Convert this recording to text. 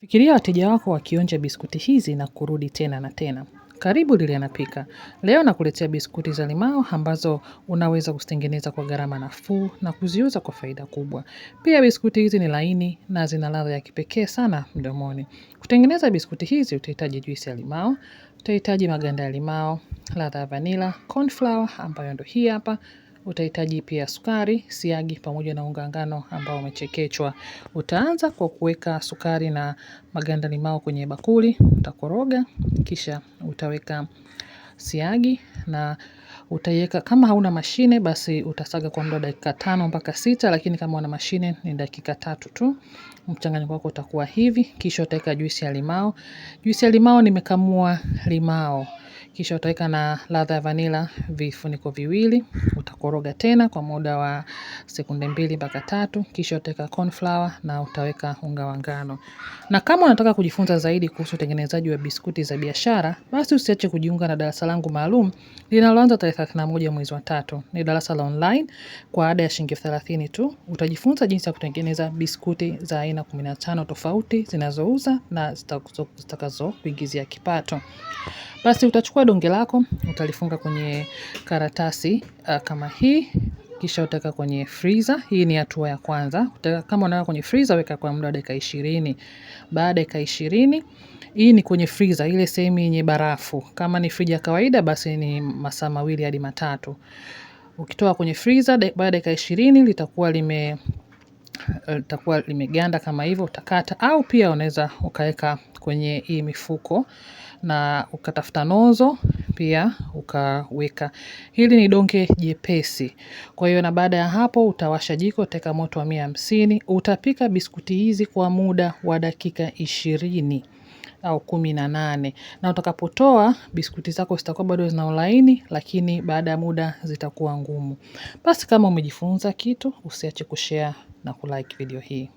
Fikiria wateja wako wakionja biskuti hizi na kurudi tena na tena. Karibu Liliana Pika. Leo nakuletea biskuti za limao ambazo unaweza kuzitengeneza kwa gharama nafuu na kuziuza kwa faida kubwa. Pia biskuti hizi ni laini na zina ladha ya kipekee sana mdomoni. Kutengeneza biskuti hizi utahitaji juisi ya limao, utahitaji maganda ya limao, ladha ya vanila, flour ambayo ndo hii hapa, Utahitaji pia sukari, siagi pamoja na unga ngano ambao umechekechwa. Utaanza kwa kuweka sukari na maganda limao kwenye bakuli, utakoroga, kisha utaweka siagi na utaiweka. Kama hauna mashine, basi utasaga kwa muda wa dakika tano mpaka sita, lakini kama una mashine ni dakika tatu tu. Mchanganyiko wako utakuwa hivi, kisha utaweka juisi ya limao. Juisi ya limao nimekamua limao. Kisha utaweka na ladha ya vanila vifuniko viwili, utakoroga tena kwa muda wa sekunde mbili mpaka tatu, kisha utaweka corn flour na utaweka unga wa ngano. Na kama unataka kujifunza zaidi kuhusu utengenezaji wa biskuti za biashara, basi usiache kujiunga na darasa langu maalum linaloanza tarehe 31 mwezi wa tatu. Ni darasa la online kwa ada ya shilingi elfu thelathini tu. Utajifunza jinsi ya kutengeneza biskuti za aina 15 tofauti zinazouza na zitakazo kuingizia kipato. Basi utachukua donge lako utalifunga kwenye karatasi uh, kama hii kisha utaweka kwenye freezer. Hii ni hatua ya kwanza. Utaka, kama unaweka kwenye freezer, weka kwa muda wa dakika 20. Baada ya dakika 20, hii ni kwenye freezer, ile sehemu yenye barafu. Kama ni friji ya kawaida, basi ni masaa mawili hadi matatu. Ukitoa kwenye freezer baada ya dakika 20 litakuwa lime Eh, litakuwa limeganda kama hivyo, utakata au pia unaweza ukaweka kwenye hii mifuko na ukatafuta nozo pia ukaweka. Hili ni donge jepesi. Kwa hiyo na baada ya hapo utawasha jiko, teka moto wa mia hamsini. Utapika biskuti hizi kwa muda wa dakika ishirini au kumi na nane na utakapotoa biskuti zako zitakuwa bado zina ulaini, lakini baada ya muda zitakuwa ngumu. Basi kama umejifunza kitu, usiache kushare na kulike video hii.